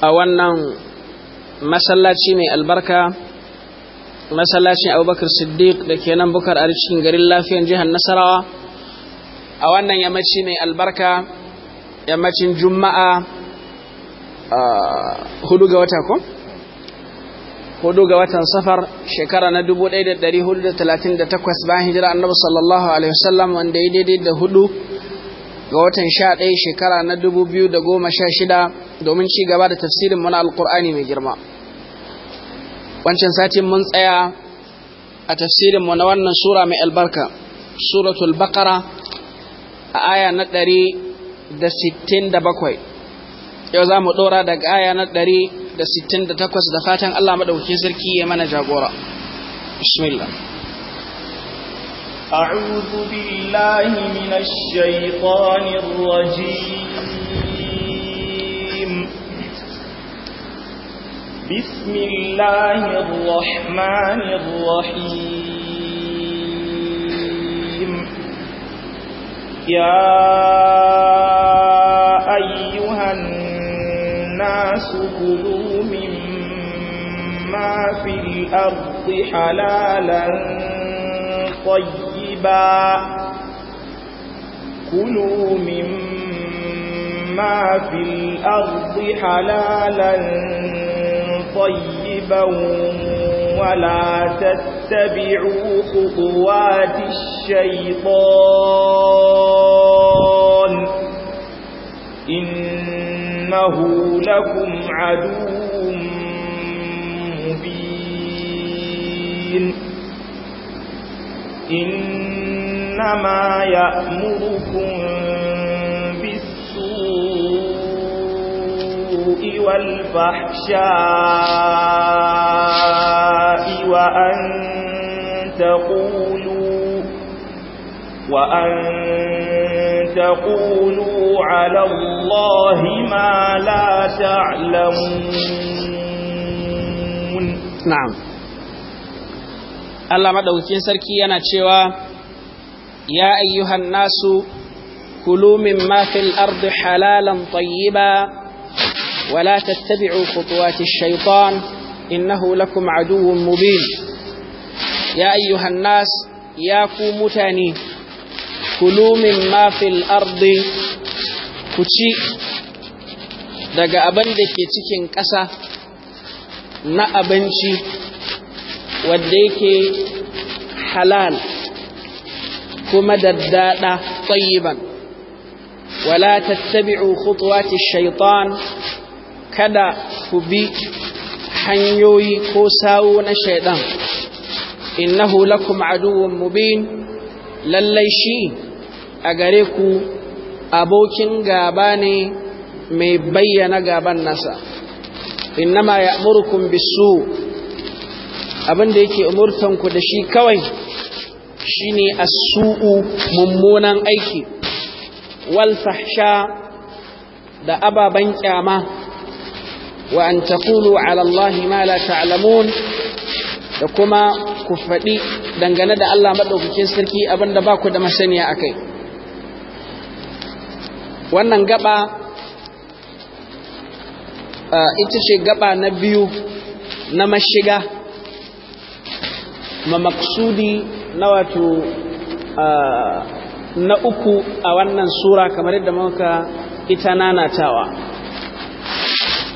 a wannan masallaci mai albarka masallacin abubakar siddiq da ke nan bukar Ali cikin garin lafiyan jihar nasarawa a wannan yammaci mai albarka yammacin juma'a hudu ga wata ko? hudu ga watan safar shekara na 1438 bayan hijira annabi sallallahu alaihi wasallam wanda ya daidai da hudu ga watan sha ɗaya shekara na dubu biyu da goma sha shida domin ci gaba da tafsirin mana Alƙur'ani mai girma wancan satin mun tsaya a tafsirin mu na wannan sura mai albarka suratul baqara a aya na ɗari da sittin da bakwai yau za mu ɗora daga aya na ɗari da sittin da takwas da fatan allah maɗauki sarki ya mana jagora bismillah أعوذ بالله من الشيطان الرجيم بسم الله الرحمن الرحيم يا أيها الناس كلوا مما في الأرض حلالا طيبا طيبا كلوا مما في الأرض حلالا طيبا ولا تتبعوا خطوات الشيطان إنه لكم عدو مبين إنما يأمركم بالسوء والفحشاء وأن تقولوا وأن تقولوا على الله ما لا تعلمون نعم Allah maɗaukin sarki yana cewa ya ayyuhan nasu kulu mimma fil ardi halalan tayyiba wala tattabi'u khutuwati ash-shaytan innahu lakum aduwwun mubin ya ayyuhan nas ya ku mutane kulu ma fil ardi ku ci daga abin da ke cikin ƙasa na abinci wadda yake halal kuma daddada tsayiban wala tattabi'u khutuwati shaitan kada ku bi hanyoyi ko sawo na shaidan innahu lakum aduwwun mubin lallai shi a gare ku abokin gaba ne mai bayyana gaban nasa innama ya'murukum bisu abin da yake ku da shi kawai shine as-su'u mummunan aiki wal fahsha da ababan kyama wa an taqulu ala allahi ma la ta'lamun da kuma ku faɗi dangane da Allah madaukakin sarki abinda ba ku da masaniya akai wannan gaba ah, ita ce gaba na biyu na mashiga ma maksudi na wato na uku a wannan sura kamar yadda muka ita nanatawa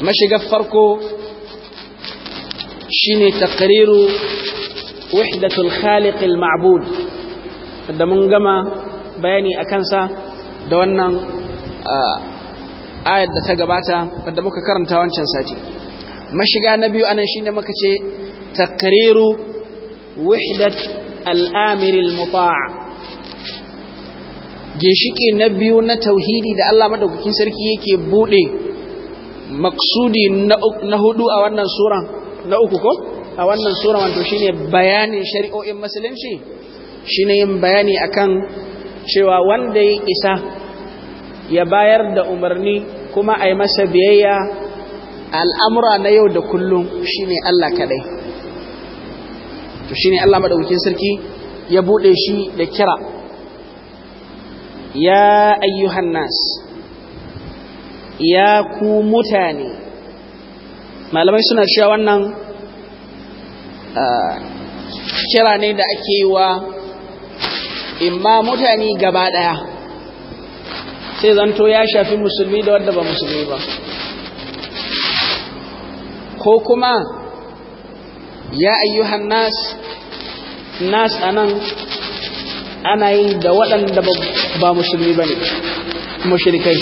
mashigar farko shine takriru wahdatul khaliqil ma'bud da mun gama bayani akan sa da wannan ayar da ta gabata da muka karanta wancan sati mashiga na biyu anan shine muka ce takriru وحدة al'amiril المطاع ginshiki na biyu na tauhidi da Allah madaukakin sarki yake buɗe maksudi na hudu a wannan sura na uku ko a wannan sura wato shine bayanin shari'o'in musulunci shine yin bayani akan cewa wanda ya isa ya bayar da umarni kuma a masa biyayya al'amura na yau da kullum shine Allah kaɗai. to shine Allah madaukakin sarki ya bude shi da kira ya ayyuhan nas ya ku mutane malamai suna cewa wannan kira ne da ake yi wa imma mutane gaba daya sai zanto ya shafi musulmi da wadda ba musulmi ba ko kuma ya ayyuhan nas nas anan ana yin da waɗanda ba musulmi bane mushrikai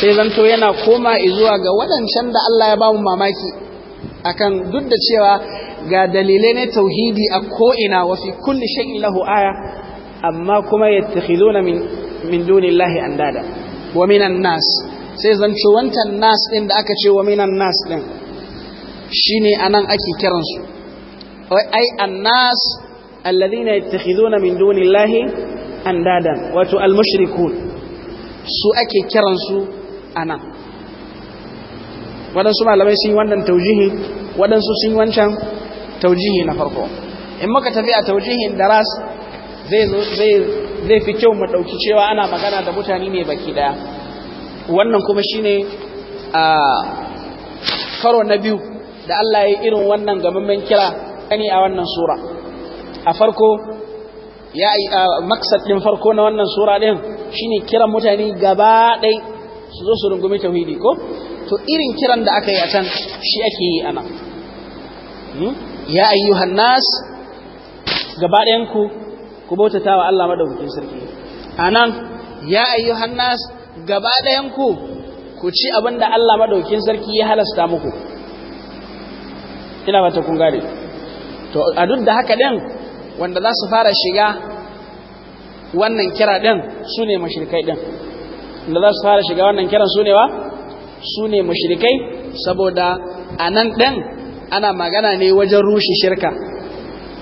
sai zanto yana koma zuwa ga waɗancan da Allah ya ba mu mamaki akan duk da cewa ga dalilai ne tauhidi a ko'ina wa fi kulli shay'in lahu aya amma kuma yattakhizuna min min dunillahi andada wa minan nas sai zanto wancan nas din da aka ce wa minan nas din Shi shine anan ake kiransu ai annas alladhina yattakhiduna min dunillahi andadan wato almushrikun su ake kiransu anan waɗansu malamai sun yi wannan taujihi waɗansu sun yi wancan taujihi na farko in muka tafi a taujihin daras zai zai fi kyau mu ɗauki cewa ana magana da mutane ne baki ɗaya wannan kuma shine a ah, karo na biyu da Allah ya yi irin wannan gamammen kira gani a wannan sura a farko ya yi maksad farko na wannan sura din shine kiran mutane gaba ɗai su zo su rungumi tauhidi ko to irin kiran da aka yi a can shi ake yi ana hmm? ya ayyuhan nas gaba ɗayan ku ku bautata wa Allah madaukakin sarki anan ya ayyuhan nas gaba ɗayan ku ku ci abin da Allah madaukakin sarki ya halasta muku ina mata kun gane to a duk da haka ɗin wanda za su fara shiga wannan kira din su ne mashirikai din wanda za su fara shiga wannan kiran su ne wa su ne mashirikai saboda a nan din ana magana ne wajen rushe shirka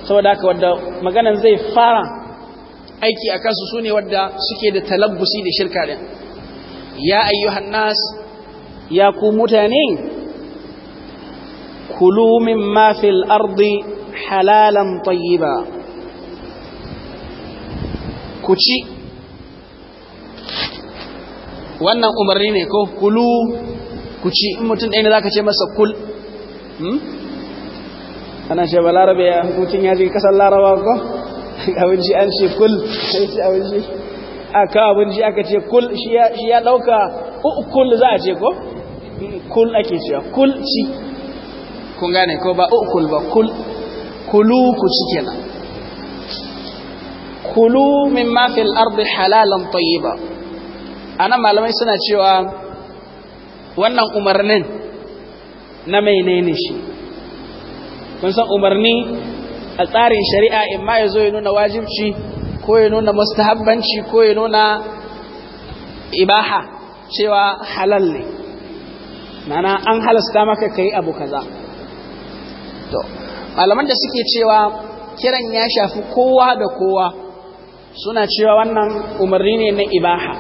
saboda haka wadda maganan zai fara aiki a kansu su ne wadda suke da talabbusi da shirka ɗin ya ayyuhan nas ya ku mutane kulu mimma fil ardi halalan tayyiba ku ci wannan umarni ne ko kulu ku ci mutum ɗaya za ka masa kul ana ce ba larabe ya hukuncin ya ji kasar abinci an kul aka abinci aka ce kul shi ya ɗauka ukul za a ce ko kul ake cewa kul shi. kun gane ko ba ukul ba kul kulu ku ci kenan kulu mimma fil ardi halalan tayyiba ana malamai suna cewa wannan umarnin na menene shi kun san umarni a tsarin shari'a in ma ya zo ya nuna wajibci ko ya nuna mustahabbanci ko ya nuna ibaha cewa halal ne mana an halasta maka kai abu kaza to malaman da suke cewa kiran ya shafi kowa da kowa suna cewa wannan umarni ne na ibaha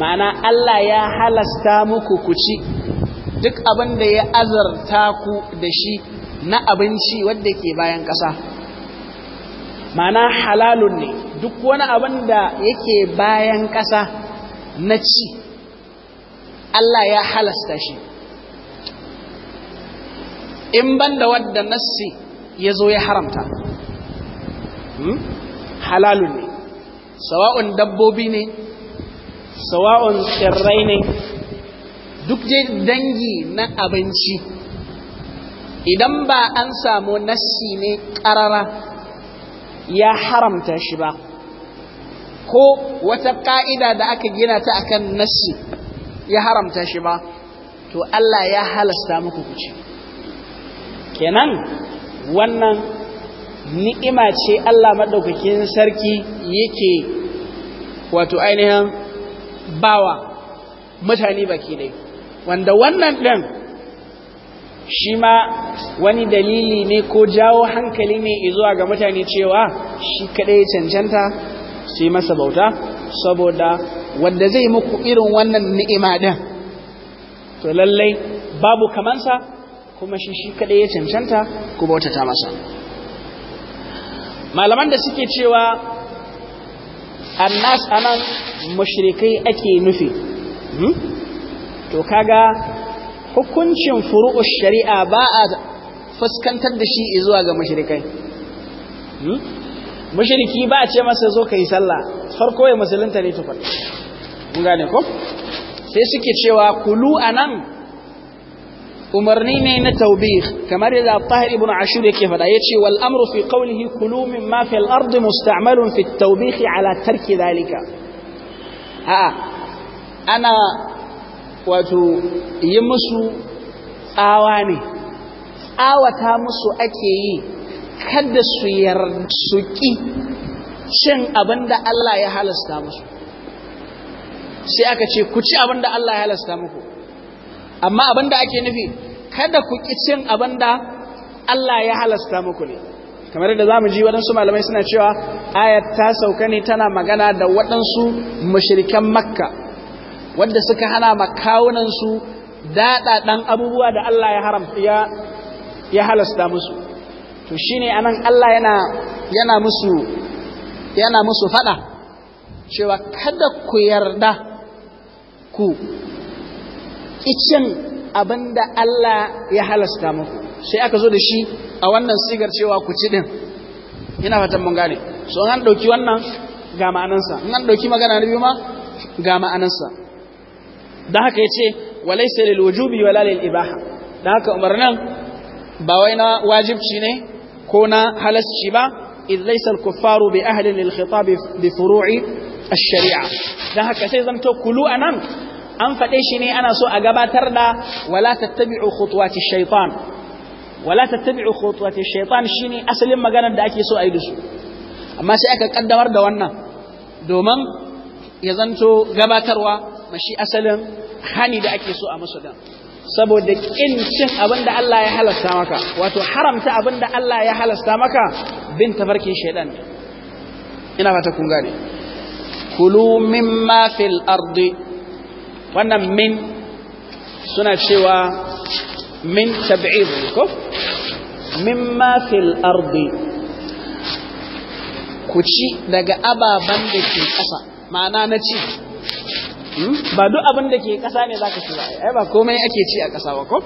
ma'ana Allah ya halasta muku ku ci duk abin da ya azarta ku da shi na abinci wadda ke bayan ƙasa ma'ana halalun ne duk wani abin da yake bayan ƙasa na ci Allah ya halasta shi in banda wadda nassi ya zo ya haramta hmm? halalu ne sawa'un dabbobi ne sawa'un tsirrai ne duk dangi na abinci idan ba an samu nassi ne ƙarara ya haramta shi ba ko wata ƙa'ida da aka gina ta akan nassi ya haramta shi ba to Allah ya halasta muku kuce. kenan wannan ni'ima ce Allah maɗaukakin sarki yake wato ainihin bawa mutane baki dai wanda wannan ɗin shi ma wani dalili ne ko jawo hankali ne zuwa ga mutane cewa shi kaɗai cancanta su masa bauta saboda wanda zai muku irin wannan ni'ima ɗin to lallai babu kamansa kuma shi shi kadai ya cancanta ku bautata masa malaman da suke cewa annas anan mushrikai ake nufi hmm? to kaga hukuncin furu'u shari'a ba a fuskantar da shi zuwa ga mushrikai hmm? mushriki ba a ce masa zo ka yi sallah farko ya musulunta ne tukun mun gane ko sai suke cewa kulu anan umarni ne na taubih kamar yadda tahir ibn ashur yake faɗa yace wal amru fi qawlihi kulu mimma fil ardi musta'malun fi at-tawbih ala tarki dhalika a ana wato yi musu tsawa ne tsawata musu ake yi kada su yarsuki cin da Allah ya halasta musu sai aka ce ku ci da Allah ya halasta muku amma abin da ake nufi kada ku ƙi cin abin Allah ya halasta muku ne kamar da zamu ji waɗansu malamai suna cewa ayat ta sauka ne tana magana da waɗansu mushrikan makka wanda suka hana makawunansu daɗaɗan abubuwa da Allah ya haram ya ya halasta musu to shine anan Allah yana yana musu yana musu faɗa cewa kada ku yarda ku kicin abin da Allah ya halasta muku sai aka zo da shi a wannan sigar cewa ku ci din ina fatan mun gane so nan ɗauki wannan ga ma'anansa Nan ɗauki magana na biyu ma ga ma'anansa don haka ya ce walaisa lil wujubi wala lil ibaha don haka umarnan ba wai na wajibci ne ko na halasci ba idh laysa al kuffaru bi ahli lil khitab bi furu'i ash-shari'a don haka sai zanto kulu anan an faɗe shi ne ana so a gabatar da wala tattabi'u khutuwati shaitan wala tattabi'u khutuwati shaitan shine asalin maganar da ake so a yi da su amma sai aka kaddamar da wannan domin ya zanto gabatarwa mashi asalin hani da ake so a musu da saboda kin cin abin da Allah ya halasta maka wato haramta abin da Allah ya halasta maka bin tafarkin shaitan ina fata kun gane kulu mimma fil ardi wannan min suna cewa min tab'id ko mimma fil ardi ku ci daga ababan da ke ƙasa ma'ana na ci hmm? ba duk abin da ke ƙasa ne za ka ci ba ba komai ake ci a ƙasa ba ko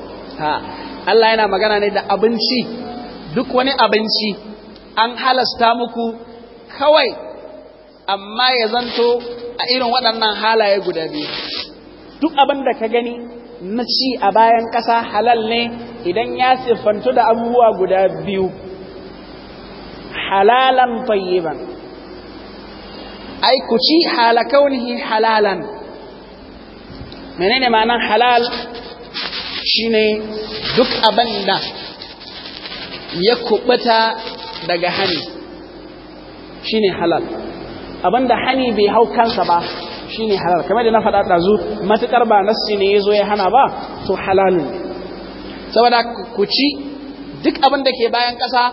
ha Allah yana magana ne da abinci duk wani abinci an halasta muku kawai amma ya zanto a irin waɗannan halaye guda biyu duk abin da ka gani na ci a bayan ƙasa halal ne idan ya siffantu da abubuwa guda biyu halalan tayyiban ai ku ci halakaunihi halalan menene ma'anan halal shine duk abin da ya kubuta daga hani shine halal abin hani bai hau kansa ba ne halal kamar da na faɗa ɗazu matuƙar ba nassi ne ya zo ya hana ba to halalun ne saboda ku ci duk abin da ke bayan ƙasa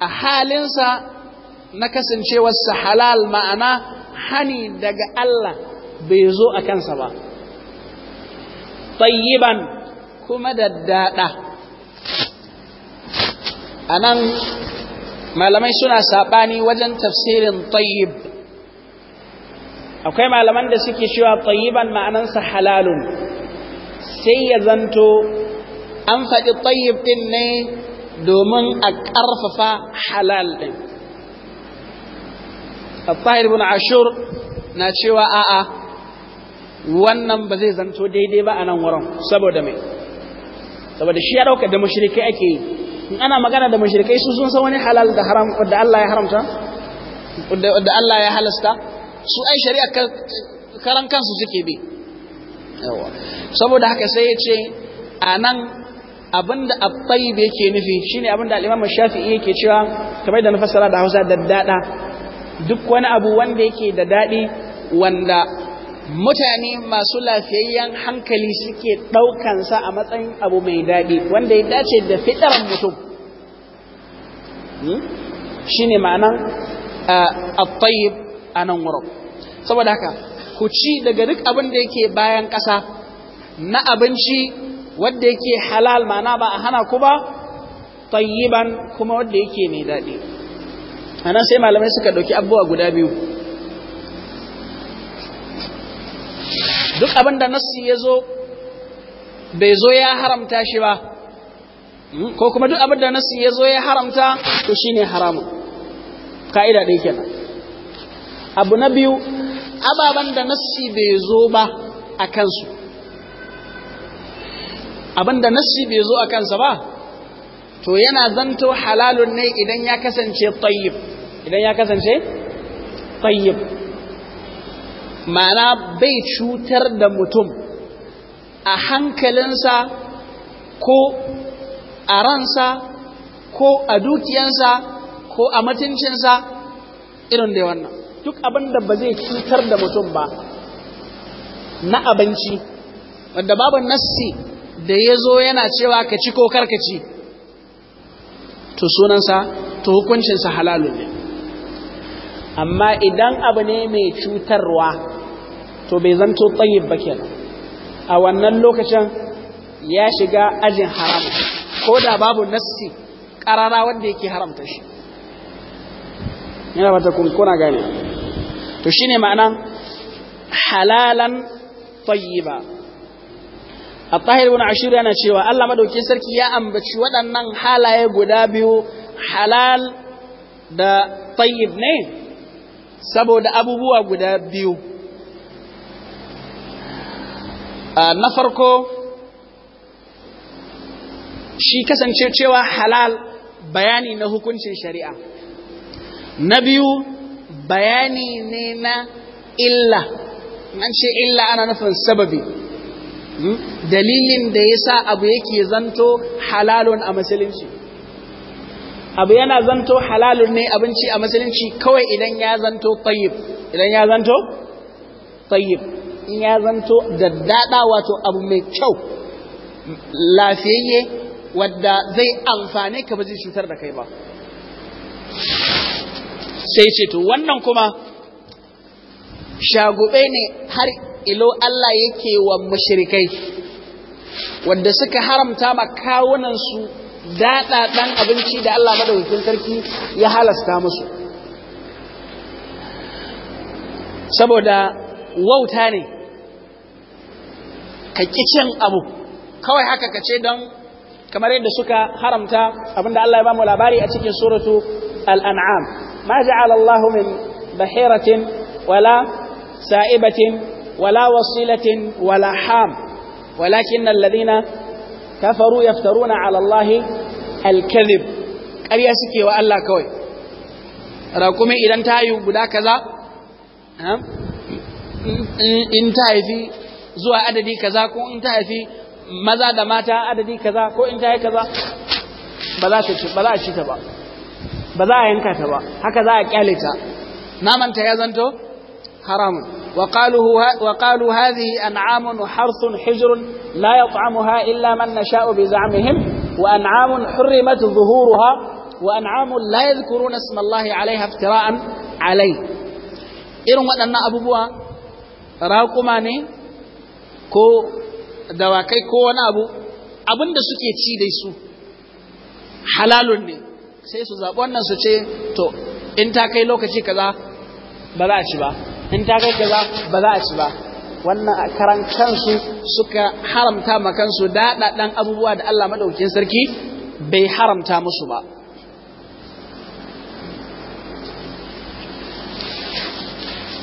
a halinsa na kasancewarsa halal ma'ana hani daga Allah bai zo a kansa ba tayyiban kuma da daɗa a nan malamai suna saɓani wajen tafsirin tayyib akwai malaman da suke cewa tayyiban ma'anansa halalun sai ya zanto an faɗi tayyib ɗin ne domin a ƙarfafa halal ɗin al-tahir ibn ashur na cewa a'a wannan ba zai zanto daidai ba a nan wurin saboda mai saboda shi ya ɗauka da mashirikai ake yi in ana magana da mashirikai su sun san wani halal da haram da Allah ya haramta da Allah ya halasta su ai shari'a karan kansu suke bi saboda haka sai ya ce a nan abinda abbaib yake nufi shine abinda al-imam shafi'i yake cewa kamar da na fassara da Hausa da daɗa? duk wani abu wanda yake da daɗi, wanda mutane masu lafiyayyen hankali suke daukan sa a matsayin abu mai daɗi, wanda ya dace da fitaran mutum hmm? shine ma'anan a tayyib a nan wurin saboda haka ku ci daga duk abin da yake bayan ƙasa na abinci wanda yake halal mana ba a hana ku ba tayyiban kuma wanda yake mai daɗi a nan sai malamai suka ɗauki abubuwa guda biyu duk abin da nassi ya zo bai zo ya haramta shi ba hmm, ko kuma duk abin da nassi ya zo ya haramta to shine haramun ka'ida ɗaya kenan abu na biyu ababen da nassi bai zo ba a kansu abin da nassi bai zo a kansa ba to yana zanto halalun ne idan ya kasance tayyib idan ya kasance tayyib ma'ana bai cutar da mutum a hankalinsa ko a ransa ko a dukiyansa ko a mutuncinsa irin da wannan duk abin da ba zai cutar da mutum ba na abinci wanda babu nassi da ya zo yana cewa ka ci ko karka ci to sunansa to hukuncinsa halalu ne amma idan abu ne mai cutarwa to bai zanto tsayin ba kenan a wannan lokacin ya shiga ajin haram ko da babu nassi ƙarara wanda yake haramta shi yana bata kuna gane to shine ma'anan halalan tayyiba at-tahir ibn yana cewa Allah madauki sarki ya ambaci waɗannan halaye guda biyu halal da tayyib ne saboda abubuwa guda biyu na farko shi kasance cewa halal bayani na hukuncin shari'a na biyu bayani ne na illa an ce illa ana nufin sababi hmm? dalilin da ya sa abu yake zanto halalun a musulunci abu yana zanto halalun ne abinci a musulunci kawai idan ya zanto tayyib idan ya zanto tayyib in ya zanto daddada wato abu mai kyau lafiyayye wadda zai amfane ka ba zai cutar da kai ba sai ce to wannan kuma shagube ne har ilo Allah yake wa mushrikai wanda suka haramta ma kawunansu daɗa ɗan abinci da Allah madaukakin sarki ya halasta musu saboda wauta ne ka cin abu kawai haka ka ce don kamar yadda suka haramta abinda Allah ya ba mu labari a cikin suratu al'an'am ما جعل الله من بحيرة ولا سائبة ولا وصيلة ولا حام ولكن الذين كفروا يفترون على الله الكذب ƙarya suke wa Allah kawai raƙumi idan ta yi guda kaza in ta haifi zuwa adadi kaza ko in ta haifi maza da mata adadi kaza ko in ta kaza ba za a ci ta ba ba za a yanka ta ba haka za a kyale ta naman ta ya zanto haramun wa qalu wa hadhihi an'amun harsun hijrun la yat'amuha illa man nasha'u bi za'mihim wa an'amun hurrimat dhuhuruha wa an'amun la yadhkuruna isma Allah 'alayha iftira'an 'alayh irin waɗannan abubuwa raƙuma ne ko dawakai ko wani abu abinda suke ci dai su halalun ne sai su zaɓi wannan su ce to in ta kai lokaci kaza ba za a ci ba in ta kai kaza ba za a ci ba wannan a karan kansu suka haramta ma kansu daɗaɗɗen abubuwa da Allah maɗaukin sarki bai haramta musu ba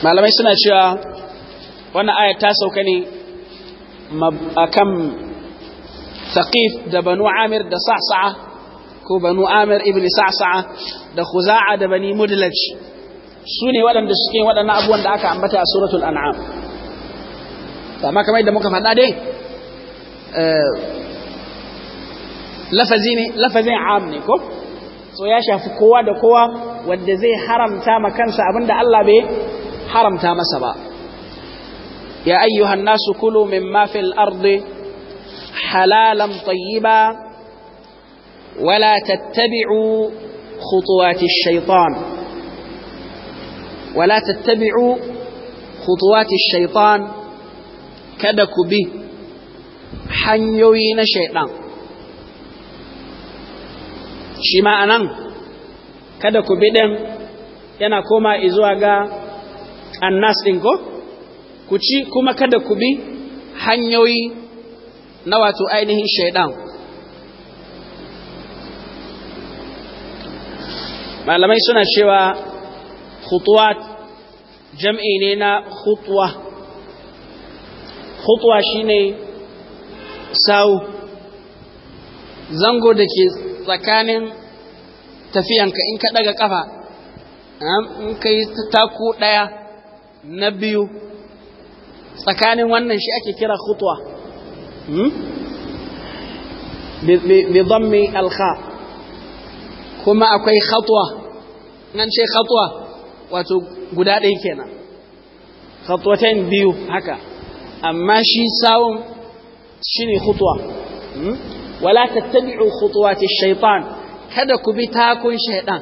malamai suna cewa wannan ayat ta sauka ne a kan da banu amir da Sa'a. ko banu amir ibn sa'sa'a da khuza'a da bani mudlaj su ne waɗanda suke waɗannan abubuwan da aka ambata a suratul an'am amma kamar yadda muka faɗa dai eh, lafazi ne lafazin am ne ko so ya shafi kowa da kowa wanda zai haramta ma kansa abinda Allah bai haramta masa ba ya ayyuhan nasu kulu mimma fil ardi halalan tayyiba wala tattabi'u khutuwati shaitan wala tattabi'u khutuwati shaitan kada ku bi hanyoyi na shaitan shi ma'anan kada ku bi ɗin yana koma izu ga annas ɗin ku ci kuma kada ku bi hanyoyi na wato ainihin shaidan malamai suna cewa khutuwa jam'i ne na khutuwa khutuwa shine sau zango da ke tsakanin tafiyanka in ka daga kafa in ka yi taku ɗaya na biyu tsakanin wannan shi ake kira khutuwa hmm? bi dhammi alkha kuma akwai khatwa nan ce khatwa wato guda ɗaya kenan khatwatan biyu haka amma shi sawun shine khutwa hmm? wala tattabi'u khutwati shaytan kada ku bi takun shaytan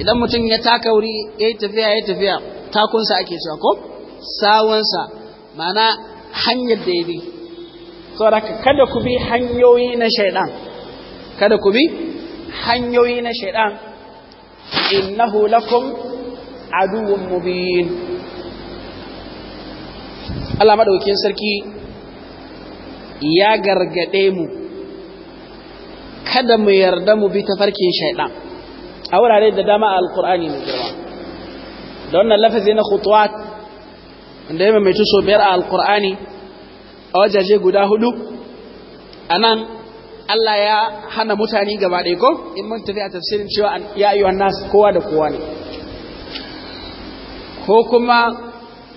idan mutum ya taka wuri yayi tafiya yayi tafiya takunsa ake cewa ko sa ma'ana hanyar da yabi saboda kada ku bi hanyoyi na shaytan kada ku bi hanyoyi na shaytan innahu lakum aduwwun mubin Allah madaukakin sarki ya gargade mu kada mu yarda mu bi tafarkin shaidan a wurare da dama a alkur'ani mai girma da wannan lafazi na khutuwat da ya mai so biyar a alkur'ani a wajaje guda hudu anan. Allah ya hana mutane gaba ɗaya ko in mun tafi a tafsirin cewa ya yi nasu kowa da kowa ne ko kuma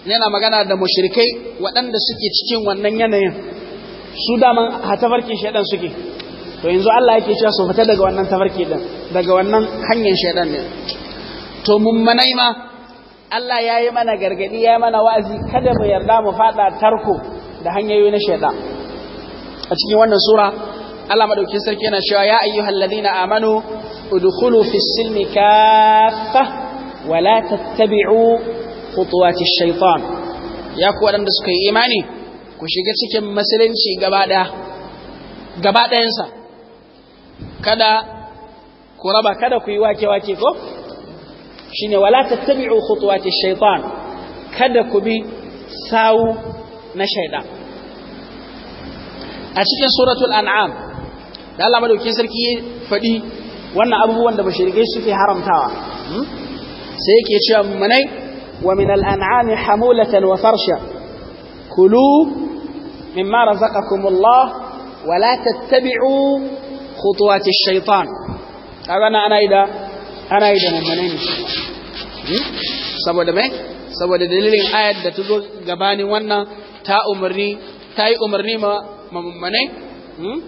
yana magana da mushrikai waɗanda suke cikin wannan yanayin su daman a tafarkin shaidan suke to yanzu Allah yake cewa su fita daga wannan tafarki din daga wannan hanyar shaidan ne to manai ma Allah ya yi mana gargadi ya yi mana wa'azi kada mu yarda mu faɗa tarko da hanyoyi na shaidan a cikin wannan sura Allah madaukin sarki yana cewa ya ayyuhal ladina amanu udkhulu fis silmi kaffa wa la tattabi'u khutuwati shaytan ya ku wadanda suka yi imani ku shiga cikin musulunci gaba daya gaba dayansa kada ku raba kada ku yi wake wake ko shine wala tattabi'u khutuwati shaytan kada ku bi sawu na shaytan a cikin suratul an'am da Allah madaukin sarki ya faɗi wannan abubuwan da bashirikai suke haramtawa hmm? sai yake cewa munai wa min al'an'ami hamulatan wa farsha kulu mimma razaqakumullah wa la tattabi'u khutuwati shaitan kaga ana yi da ana yi da mummunai hmm? saboda mai saboda dalilin ayar da ta zo gabanin wannan ta umarni ta yi umarni ma mummunai hmm?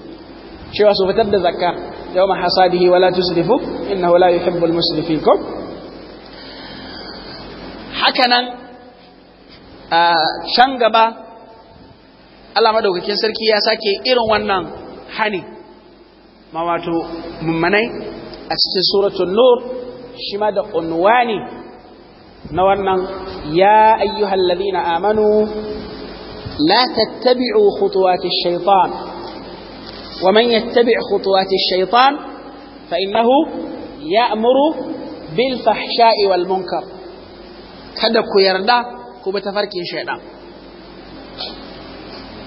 cewa su fitar da zakka yawma hasadihi wala tusrifu innahu la haka nan can gaba Allah madaukakin sarki ya sake irin wannan hani ma wato mummanai a cikin suratul nur shi ma da unwani na wannan ya ayyuhal ladina amanu la tattabi'u khutuwati shaitan ومن يتبع خطوات الشيطان فإنه يأمر بالفحشاء والمنكر kada ku yarda ku bi tafarkin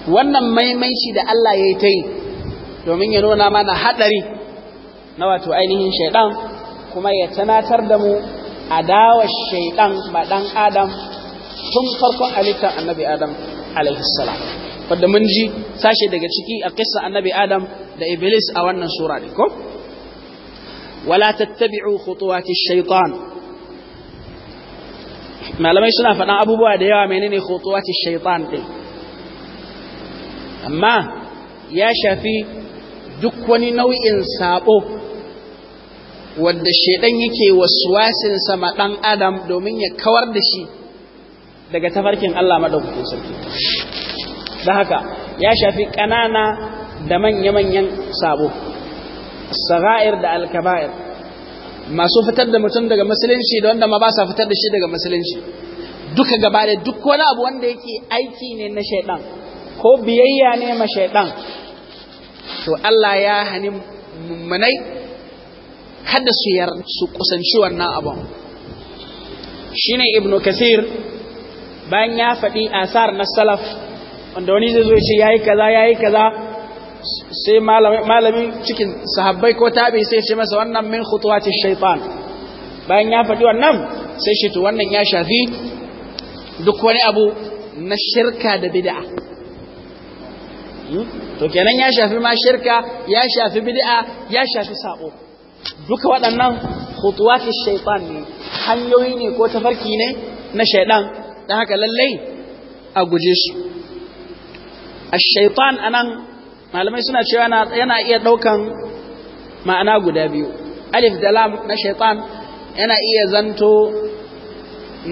wannan maimaici da Allah ya yi ta yi domin ya nuna mana haɗari na wato ainihin shaiɗan kuma ya tanatar da mu adawar shaiɗan ba ɗan adam tun farkon halittar annabi adam alaihissalam wanda mun ji sashe daga ciki a kissa annabi adam da iblis a wannan sura ne ko wala tattabi'u khutuwati shaytan malamai suna faɗan abubuwa da yawa menene khutuwati shaytan din amma ya shafi duk wani nau'in sabo wanda shaidan yake waswasin sama dan adam domin ya kawar da shi daga tafarkin Allah madaukakin sarki da haka ya shafi ƙanana da manya-manyan sabo sara'ir da alkaba'ir masu fitar da mutum daga musulunci da wanda ma ba sa fitar da shi daga musulunci duka gaba da duk wani abu wanda yake aiki ne na shaidan ko biyayya ne ma shaidan to Allah ya hani munai kada su yar su kusanci wannan abu. shine ibnu kasir bayan ya faɗi asar na salaf wanda wani zai zo ce yi kaza ya yi kaza sai malamin cikin sahabbai ko tabi sai ce masa wannan min ce shaytan bayan ya faɗi wannan sai shi to wannan ya shafi duk wani abu na shirka da bid'a hmm? to kenan ya shafi ma shirka ya shafi bid'a ya shafi sabo duka waɗannan ce shaytan ne hanyoyi ne ko tafarki ne na shaidan don haka lallai a guje su ash-shaytan anan malamai suna cewa yana iya ɗaukan ma'ana guda biyu alif da lam na shaytan yana iya zanto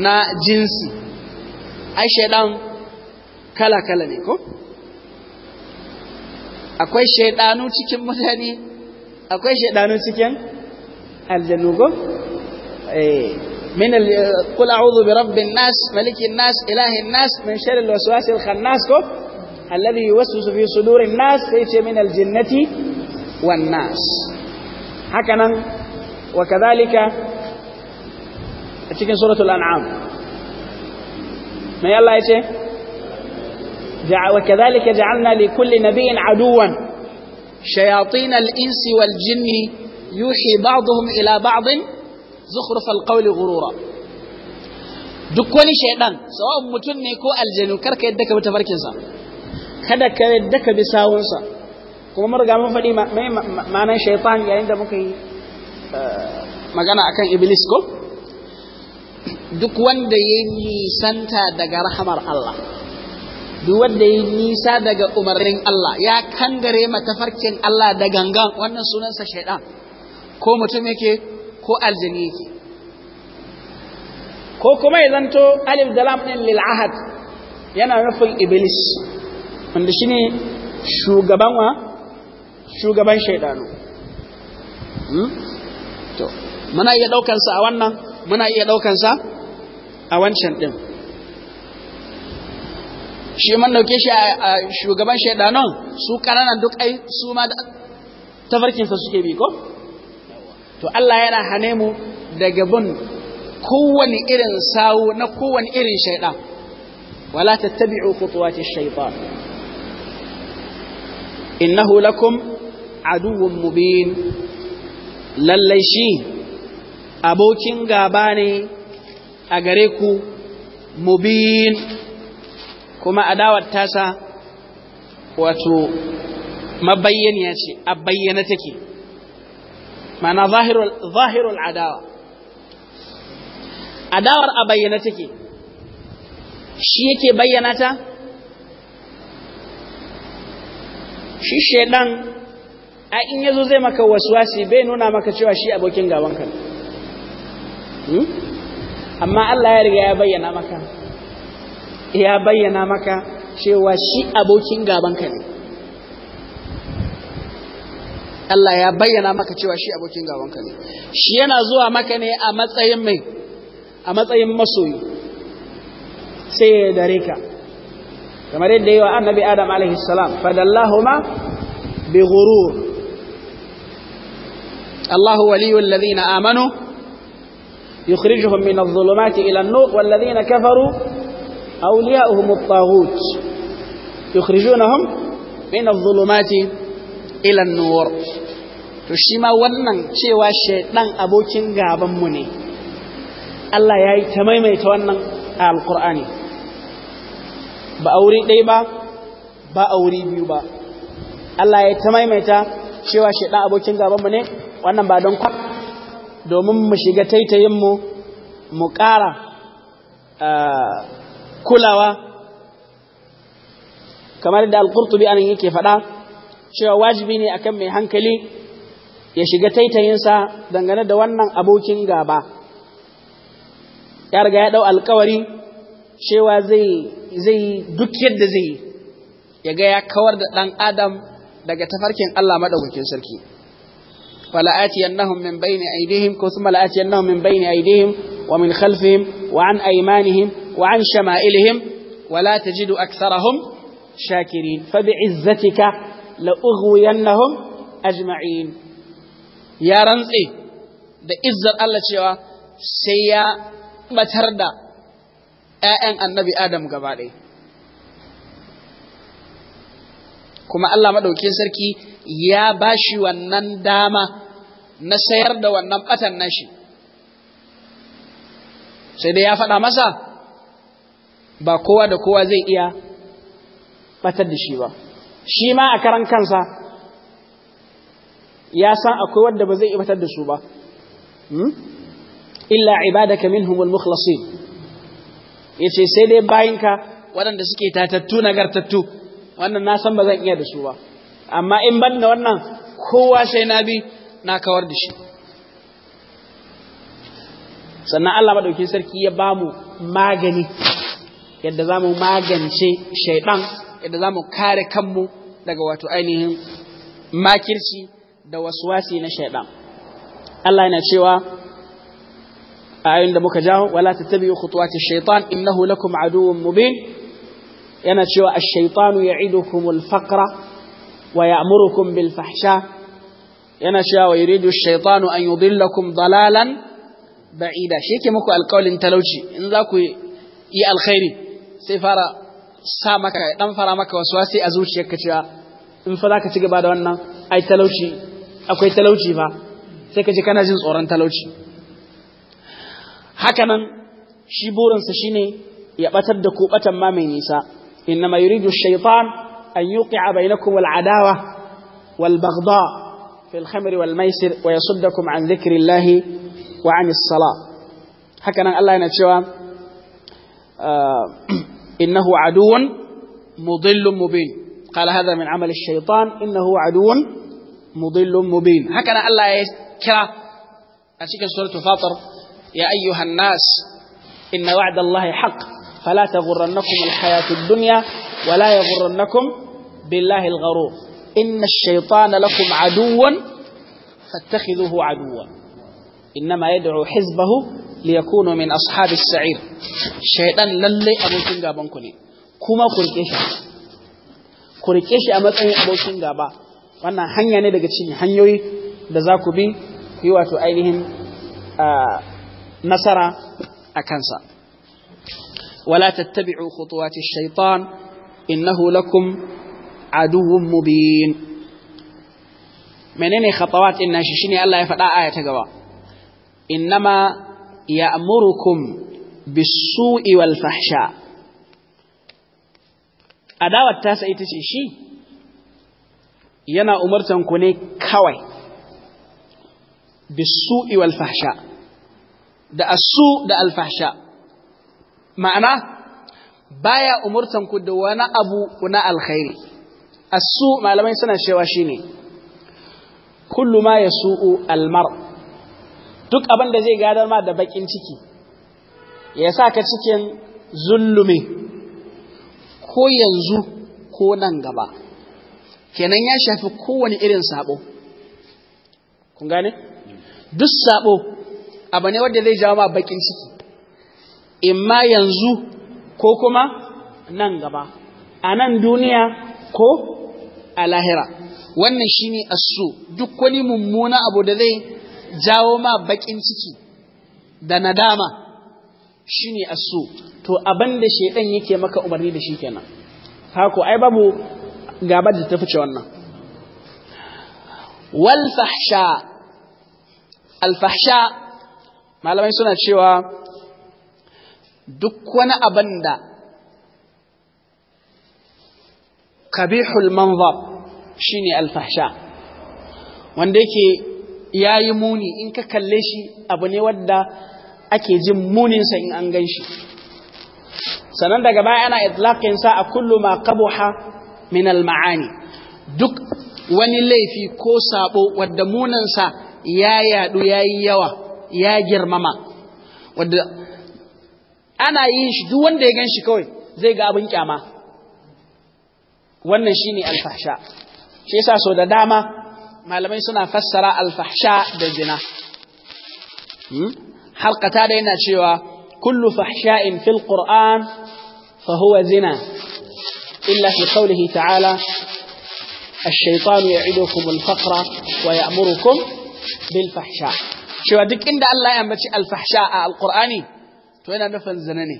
na jinsi ai shaydan kala kala ne ko akwai shaidanu cikin mutane akwai shaidanu cikin aljannu ko eh, min qul a'udhu bi rabbin nas malikin nas ilahin nas min sharri alwaswasil khannas ko الذي يوسوس في صدور الناس ليس من الجنة والناس حكنا وكذلك تكن سورة الأنعام ما يلا يتي وكذلك جعلنا لكل نبي عدوا شياطين الإنس والجن يوحي بعضهم إلى بعض زخرف القول غرورا دكوني شيطان سواء متنكو الجن ne يدك aljanu kada ka yadda ka bi sawunsa kuma mun mun faɗi mai ma'anar shaitan yayin da muka yi eh, magana akan iblis ko duk wanda ya nisanta daga rahamar Allah duk wanda ya nisa daga umarnin Allah ya kangare matafarkin Allah da gangan wannan sunansa shaitan ko mutum yake ko aljini yake ko kuma ya zanto alif dalam lam din lil ahad yana nufin iblis wanda shi shugaban wa shugaban shaidanu hmm? muna iya daukansa a wannan muna iya daukansa a wancan ɗin shi man dauke shi a shugaban shaidanun su karanan duk ai su ma tafarkinsa suke bi ko to Allah yana hane mu daga bin kowane irin sawu na kowane irin shaidan wala tattabi'u khutuwati shaitan innahu lakum aduwwun mubin lallai shi abokin gaba ne a gare ku mubin kuma adawar tasa wato mabayyaniya a bayyana take mana zahirul adawa adawar a bayyana take shi yake bayyana ta shi shaidan a in yazo zai maka waswasi bai nuna maka cewa shi abokin gaban ka hmm? amma Allah ya riga ya bayyana maka ya bayyana maka cewa shi abokin gaban ka ne Allah ya bayyana maka cewa shi abokin gaban ka ne shi yana zuwa maka ne a matsayin mai a matsayin masoyi sai ya dare ka كما رد ديو النبي آدم عليه السلام فدلهما بغرور الله ولي الذين آمنوا يخرجهم من الظلمات إلى النور والذين كفروا أولياؤهم الطاغوت يخرجونهم من الظلمات إلى النور تشيما ونن شيوا الشيطان أبو تنقى بمني الله يأي تميمي تونن القرآن ba a wuri ɗai ba ba a wuri biyu ba Allah ya ta maimaita cewa ɗan abokin gabanmu ne wannan ba don kwan domin mu shiga taitayinmu mu ƙara kulawa kamar da alkurtubi anan yake faɗa cewa wajibi ne akan mai hankali ya shiga taitayinsa dangane da wannan abokin gaba ya riga ya ɗau alkawari cewa zai zai yi duk yadda zai yi ya ga ya kawar da ɗan adam daga tafarkin Allah maɗaukakin sarki fala'atiyannahum min bayni aydihim ko thumma la'atiyannahum min bayni aydihim wa min khalfihim wa an aymanihim wa an shama'ilihim wa la tajidu aktharahum shakirin fa bi'izzatika la ughwiyannahum ajma'in ya rantsi da izzar Allah cewa sai ya batar da ‘ya'yan annabi Adam gaba ɗaya. Kuma Allah maɗaukin sarki ya ba shi wannan dama na sayar da wannan ɓatan nashi. Sai dai ya faɗa masa ba kowa da kowa zai iya ɓatar da shi ba. Shi ma a karan kansa ya san akwai wadda ba zai iya ɓatar da su ba. Hmm? Illa ibadaka min al-mukhlasin. ya sai dai bayinka waɗanda suke tatattu nagartattu wannan na san ba zan iya da su ba amma in ban da wannan kowa sai na bi na kawar da shi sannan Allah maɗauki sarki ya ba mu magani yadda za mu magance shaiɗan yadda za mu kare kanmu daga wato ainihin makirci da waswasi na shaiɗan Allah yana cewa ayoyin da muka jawo wala tattabi'u khutuwati In innahu lakum aduwwun mubin yana cewa ash ya ya'idukum al-faqra wa ya'murukum bil fahsha yana cewa yuridu ash-shaytanu an yudillakum dalalan ba'ida shi yake muku alƙawlin talauci in za ku yi alkhairi sai fara sa maka dan fara maka waswasi a zuciyarka cewa in fa zaka ci gaba da wannan ai talauci akwai talauci fa sai ka ji kana jin tsoron talauci haka nan shi burinsa shine ya batar da ku batan ma mai nisa innama yuridu shaytan an yuqi'a bainakum al'adawa wal baghdha fil khamri wal maisir wa yasuddakum an dhikrillahi wa 'anis salah haka nan Allah yana cewa innahu aduwwun mudillun mubin قال هذا من عمل الشيطان إنه عدو مضل مبين هكذا الله يكره أشيك سورة فاطر يا أيها الناس إن وعد الله حق فلا تغرنكم الحياة الدنيا ولا يغرنكم بالله الغرور إن الشيطان لكم عدوا فاتخذوه عدوا إنما يدعو حزبه ليكونوا من أصحاب السعير الشيطان للي أبو سنجا بنكني كما كنت ku أما shi أبو سنجا با وانا حنياني hanya حنيوي daga بي يواتو أيهم آه، nasara akansa. kansa wala tattabi'u khutuwati shaitan innahu lakum aduwwun mubin menene khatawat din nashi Allah ya faɗa aya ta gaba innama ya'murukum bis-su'i wal-fahsha' adawar tasa ita ce shi yana umartan ku ne kawai bisu iwal fahsha da asu da alfasha. ma'ana baya umurtan ku da wani abu na alkhairi asu malamai suna cewa shine kullu ma yasu'u almar duk abin da zai gadar ma da bakin ciki ya sa ka cikin zullume ko yanzu ko nan gaba kenan ya shafi kowane irin sabo kun gane duk sabo abu ne wanda zai jawo ma bakin ciki in ma yanzu ko kuma nan gaba a nan duniya ko a lahira wannan shine asu duk wani mummuna abu da zai jawo ma bakin ciki da nadama shine asu to da shaidan yake maka umarni da shi kenan hako ai babu gaba da ta fice wannan wal fahsha al fahsha malamai suna cewa duk wani abin da kabihul manzab ne alfahsha wanda yake yi muni in ka kalle shi abu ne wadda ake jin muninsa in an gan shi sannan daga baya ana itlaqin a kullu ma qabaha min alma'ani. maani duk wani laifi ko sabo wadda munansa ya yadu yi yawa ya girmama wanda ana yin shi duk wanda ya gan shi kawai zai ga abin kyama wannan shine alfahsha shi yasa so da dama malamai suna fassara alfahsha da zina har kata da yana cewa kullu fahsha'in fil qur'an fa huwa zina illa fi qawlihi ta'ala الشيطان يعدكم الفقر ويأمركم بالفحشاء cewa duk inda Allah ya ambaci alfahsha a alqur'ani to yana nufin zina ne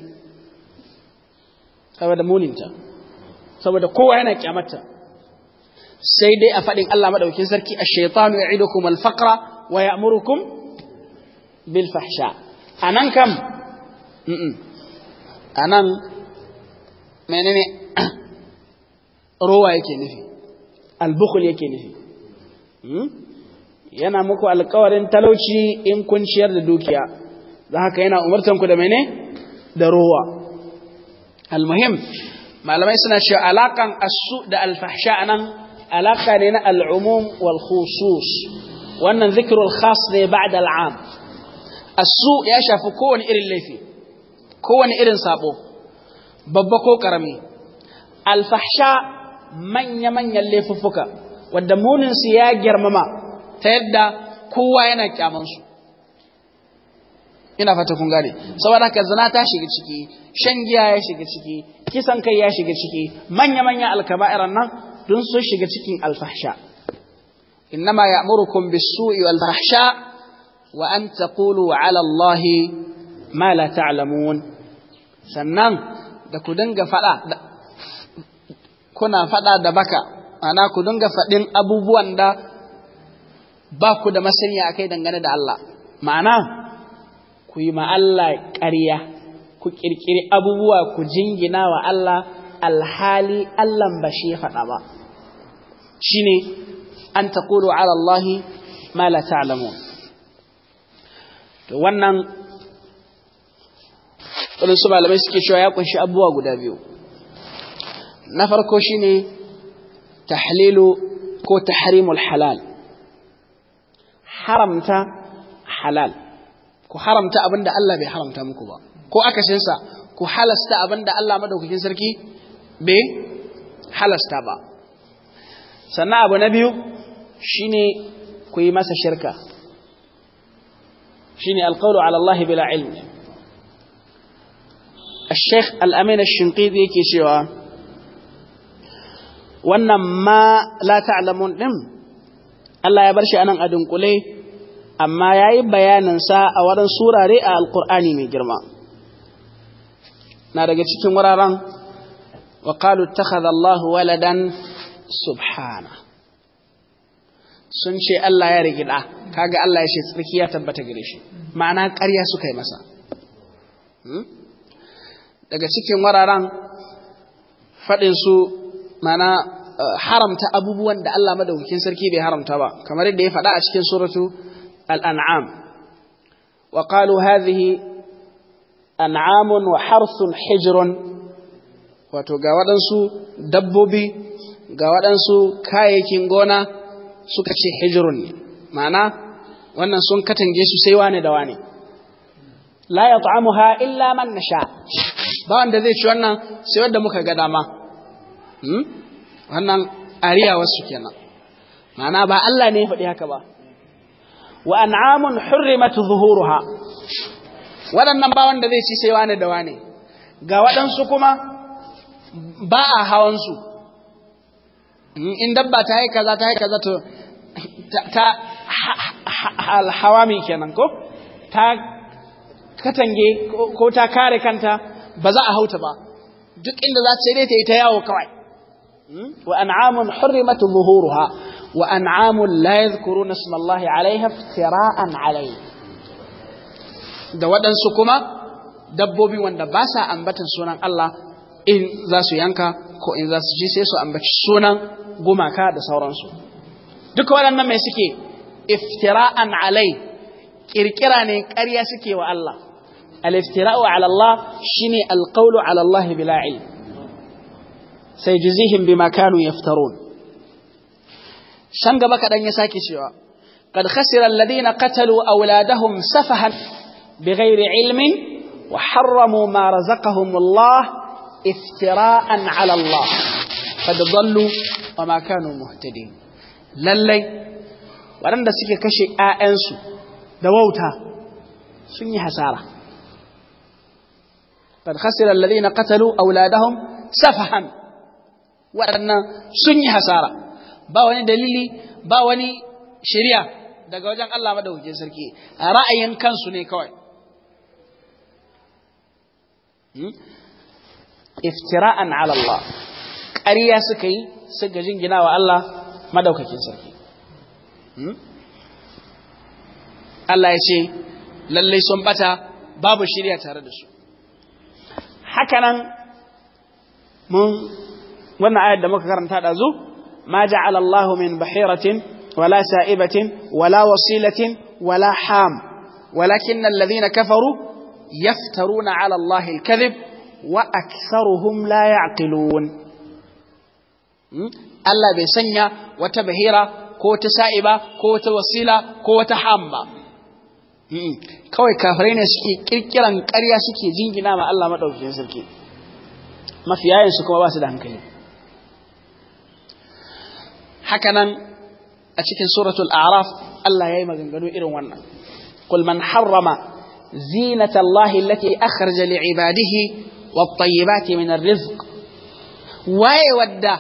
saboda muninta saboda kowa yana kyamata sai dai a faɗin Allah madaukin sarki a ash-shaytanu ya'idukum kuma faqra wa ya ya'murukum bil fahsha nan kam A nan? menene rowa yake nufi al-bukhl yake nufi hmm? yana muku alkawarin talauci in kun ciyar da dukiya za haka yana umartanku da mene da rowa almuhim malamai suna cewa alaƙan asu da alfahsha anan alaƙa ne na al'umum wal khusus wannan zikirul khas ne ba'da al'am asu ya shafi kowane irin laifi kowane irin sabo babba ko karami alfahsha manya-manyan laifuffuka wadda muninsu ya girmama ta yadda kowa yana kyamansu ina fata kun saboda haka zina ta shiga ciki shan giya ya shiga ciki kisan kai ya shiga ciki manya manya alkaba'iran nan dun sun shiga cikin alfahsha Ina ya'murukum bis-su'i wal-fahsha wa an taqulu 'ala Allahi sannan da ku dinga fada kuna fada da baka mana ku dinga fadin abubuwan da ba ku da masaniya akai dangane da Allah ma'ana ku yi ma Allah ƙarya ku ƙirƙiri abubuwa ku jingina wa Allah alhali Allah ba shi faɗa ba shine an taqulu ala Allah ma la wannan waɗansu malamai suke cewa ya kunshi abubuwa guda biyu na farko shine tahlilu ko tahrimul halal haramta halal ku haramta abin da Allah bai haramta muku ba ko akashinsa ku halasta abin da Allah maɗaukakin sarki bai halasta ba sannan abu na biyu ne ku yi masa shirka shine alqawlu ala Allah bila ilmi الشيخ الأمين الشنقيطي yake cewa wannan ma la ta'lamun din Allah ya bar shi anan a dunkule amma ya yi bayaninsa a wurin surare a alkur'ani mai girma na daga cikin wuraren wa qalu ittakhadha Allahu waladan subhana sun ce Allah ya rigida kaga Allah ya ce tsirki ya tabbata gare shi ma'ana ƙarya suka yi masa hmm? daga cikin wararen faɗin ma'ana haramta abubuwan da Allah madaukakin sarki bai haramta ba kamar yadda ya faɗa a cikin suratu al-an'am wa qalu hadhihi an'amun wa harsun hijrun wato ga waɗansu dabbobi ga waɗansu kayayyakin gona suka ce hijrun ne ma'ana wannan sun katange su sai wane da wane la yat'amuha illa man nasha ba wanda zai ci wannan sai wanda muka ga dama hmm? wannan ariya wasu kenan ma'ana ba Allah ne faɗi haka ba wa an'amun hurrimat zuhuruha waɗannan ba wanda zai ci sai wani da wani ga waɗansu kuma ba a hawan su mm, in dabba ta yi kaza ta yi kaza to ta alhawami kenan ko ta katange ko ta kare kanta ba za a hauta ba duk inda za ta ce dai ta yi ta yawo kawai وأنعام حرمت ظهورها وأنعام لا يذكرون اسم الله عليها افتراء عليه da waɗansu kuma dabbobi wanda ba sa ambatan sunan Allah in za su yanka ko in za su ci sai su ambaci sunan gumaka da sauransu duka waɗannan mai suke iftira'an alai ƙirƙira ne ƙarya suke wa Allah al-iftira'u ala Allah shine alqawlu ala Allah bila ilm sai jizihim bi makanu yaftarun shan gaba kaɗan ya saki cewa qad khasira alladhina qatalu awladahum safahan bighairi ilmin wa harramu ma razaqahum Allah iftira'an 'ala Allah qad dhallu wa ma kanu muhtadin lalle waɗanda suke kashe ƴaƴansu da wauta sun yi hasara qad khasira alladhina qatalu awladahum safahan waɗannan sun yi hasara ba wani dalili ba wani shirya daga wajen Allah madaukakin sarki ra'ayin kansu ne kawai hmm? iftira'an ala Allah ƙarya suka yi suka jingina wa Allah madaukakin sarki hmm? Allah ya ce lallai sun bata babu shirya tare da su hakanan mun wannan ayar da muka karanta ɗazu ma ja'ala Allah min bahiratin wala sa'ibatin wala wasilatin wala ham walakin alladhina kafaru yaftaruna 'ala Allah al-kadhib wa aktharuhum la ya'qilun hmm? Allah bai sanya wata bahira ko ta sa'iba ko ta wasila ko ta hamma hmm. kawai kafirai ne suke kirkiran ƙarya suke jingina ma Allah maɗaukakin sarki mafiyayensu kuma ba su da hankali hakanan a cikin suratul a'raf Allah yayi maganganu irin wannan qul man harrama زينة الله التي أخرج لعباده والطيبات من الرزق waye wadda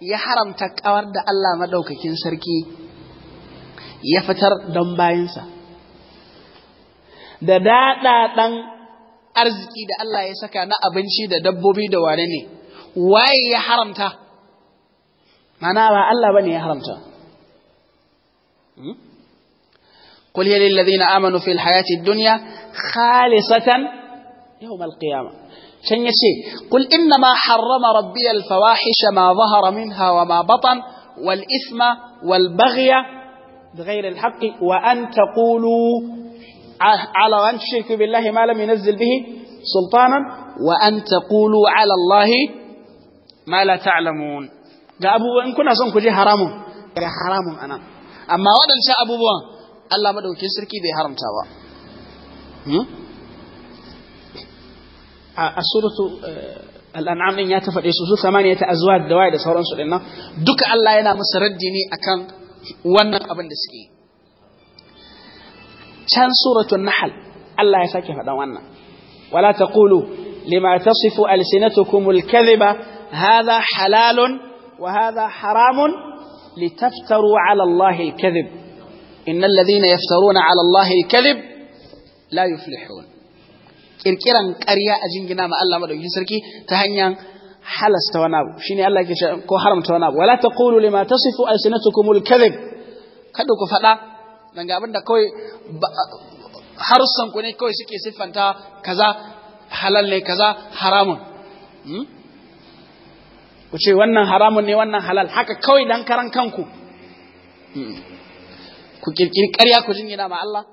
ya haramta ƙawar da Allah madaukakin sarki ya fitar don bayansa da daɗaɗan arziki da Allah ya saka na abinci da dabbobi da wane ne waye ya haramta معنى الله بني bane قل هي للذين آمنوا في الحياة الدنيا خالصة يوم القيامة قل إنما حرم ربي الفواحش ما ظهر منها وما بطن والإثم والبغي بغير الحق وأن تقولوا على أن تشركوا بالله ما لم ينزل به سلطانا وأن تقولوا على الله ما لا تعلمون ga abubuwan kuna son ku je haramun ga eh, haramun anan amma waɗancan abubuwan Allah madaukakin sarki bai haramta ba hmm? a suratu eh, al'an'am ɗin ya ta faɗe su su samaniya ta azuwa da waye da sauransu ɗin nan duka Allah yana musu raddi ne akan wannan abin da suke can suratun nahal Allah ya sake faɗan wannan wala taqulu lima tasifu alsinatukum alkadhiba hadha halalun وهذا حرام لتفتروا على الله الكذب إن الذين يفترون على الله الكذب لا يفلحون كركرا كريا أجن جنام الله مدو يسركي تهنيا حل استوناب شيني الله كش كحرم استوناب ولا تقولوا لما تصفوا ألسنتكم الكذب kada ku faɗa nan ga abinda kawai harsan ku ne kawai suke siffanta kaza ku ce wannan haramun ne wannan halal haka kawai dan karan kanku hmm. ku kirkiri ƙarya ku jingina ma Allah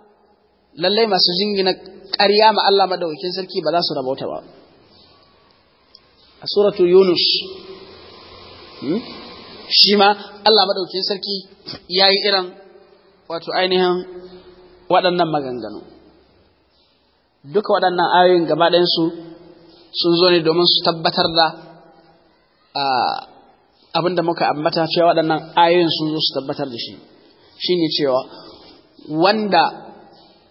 lallai masu jingina ƙarya ma Allah madaukin sarki ba za su rabauta ba a suratu yunus hmm, shi ma Allah madaukin sarki ya yi irin wato ainihin waɗannan maganganu duka waɗannan ayoyin gaba ɗayansu sun zo ne domin su tabbatar da abin da muka ambata cewa waɗannan ayoyin sun zo su tabbatar da shi shi ne cewa wanda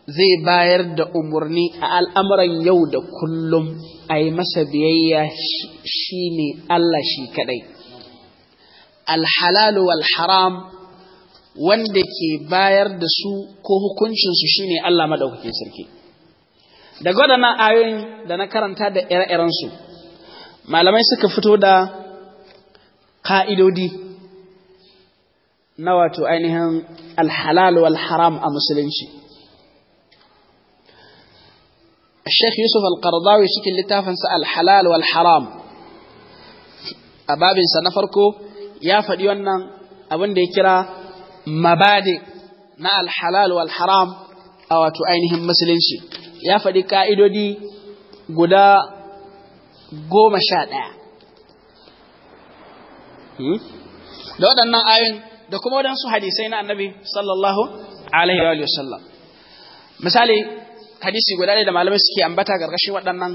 zai bayar da umarni a al'amuran yau da kullum a yi masa biyayya shi ne Allah shi kaɗai. Alhalalu wal haram wanda ke bayar da su ko hukuncinsu shi ne Allah maɗaukakin sarki. Daga waɗannan ayoyin da na karanta da ire-irensu, malamai suka fito da Ka'idodi na wato ainihin alhalal wal haram a musulunci. Sheikh Yusuf al-Qardawi cikin littafinsa alhalal wal haram a babinsa na farko ya faɗi wannan abin da ya kira Mabade na alhalal wal haram a wato ainihin musulunci ya faɗi ƙa’idodi guda goma sha ɗaya. Hmm? da waɗannan ayoyin da kuma waɗansu hadisai na annabi sallallahu alaihi wa sallam misali hadisi guda ne da malamai suke ambata gargashin waɗannan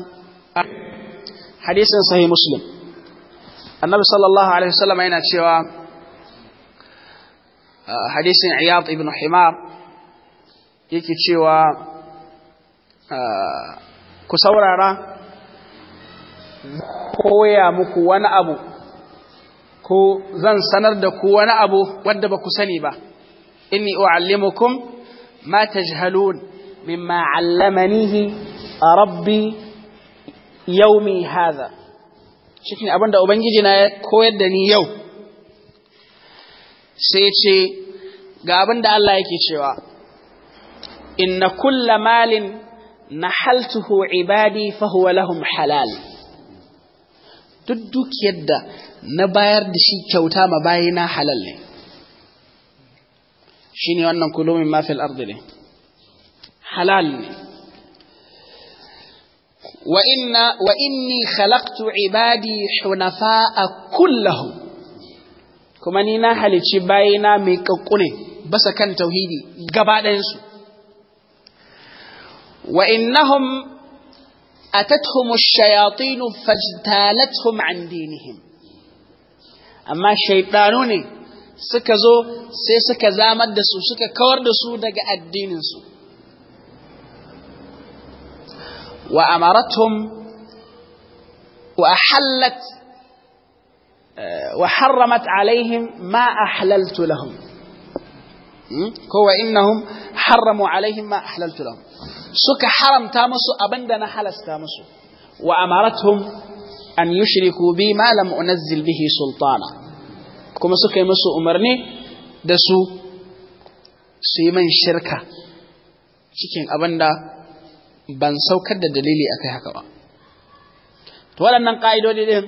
hadisin sahih muslim annabi sallallahu alaihi wa sallam yana cewa hadisin iyad ibn himar yake cewa ku saurara koya muku wani abu ko zan sanar da ku wani abu wadda ba ku sani ba inni u'allimukum ma tajhalun mimma 'allamanihi rabbi yaumi hadha cikin abinda ubangiji na koyar da ni yau sai ce ga abinda Allah yake cewa inna kulla malin nahaltuhu ibadi fa huwa lahum halal duk duk da na bayar da shi kyauta ma bayina halal ne shi ne wannan kulumin mafil ardi ne halal ne wa inni khalaqtu ibadi hunafa'a kullahum kuma ni na halici bayina mai kakkune basa kan tauhidi gaba ɗayansu wa innahum atatuhum ash-shayatin fajtalathum an dinihim amma shaidanu ne suka zo sai suka zamar da su suka kawar da su daga addininsu wa amaratum wa ahallat wa harramat alaihim ma ahlaltu lahum ko wa innahum harramu alaihim ma ahlaltu lahum suka haramta musu abinda na halasta musu wa amaratum an yushriku bi ma lam unazzil bihi sultana kuma suka yi musu umarni da su su yi man shirka cikin abin da ban saukar da dalili akai haka ba to waɗannan ƙa'idodi ɗin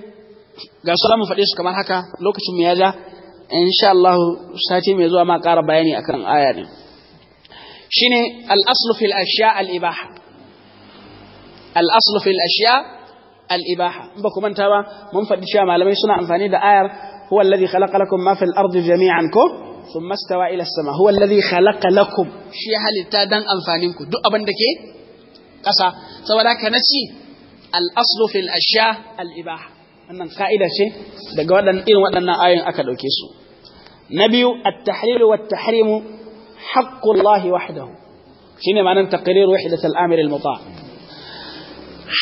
ga su mu faɗe su kamar haka lokacin mu ya ja insha Allah sati mai zuwa ma ƙara bayani akan aya ɗin shine al-aslu fil ashiya al-ibaha al-aslu fil ashiya al-ibaha in ba ku manta ba mun faɗi cewa malamai suna amfani da ayar huwa alladhi khalaqa lakum ma fil ardi jami'an ko thumma stawa ila as-sama huwa alladhi khalaqa lakum shi halitta dan amfanin ku duk abin da ke ƙasa saboda ka naci al-aslu fil ashya al-ibaha wannan ka'ida ce daga waɗannan irin waɗannan ayoyin aka ɗauke su na biyu at-tahlilu wat-tahrimu haqqu Allah wahdahu shine ma'anar taqrir wahdat al-amir al-muta'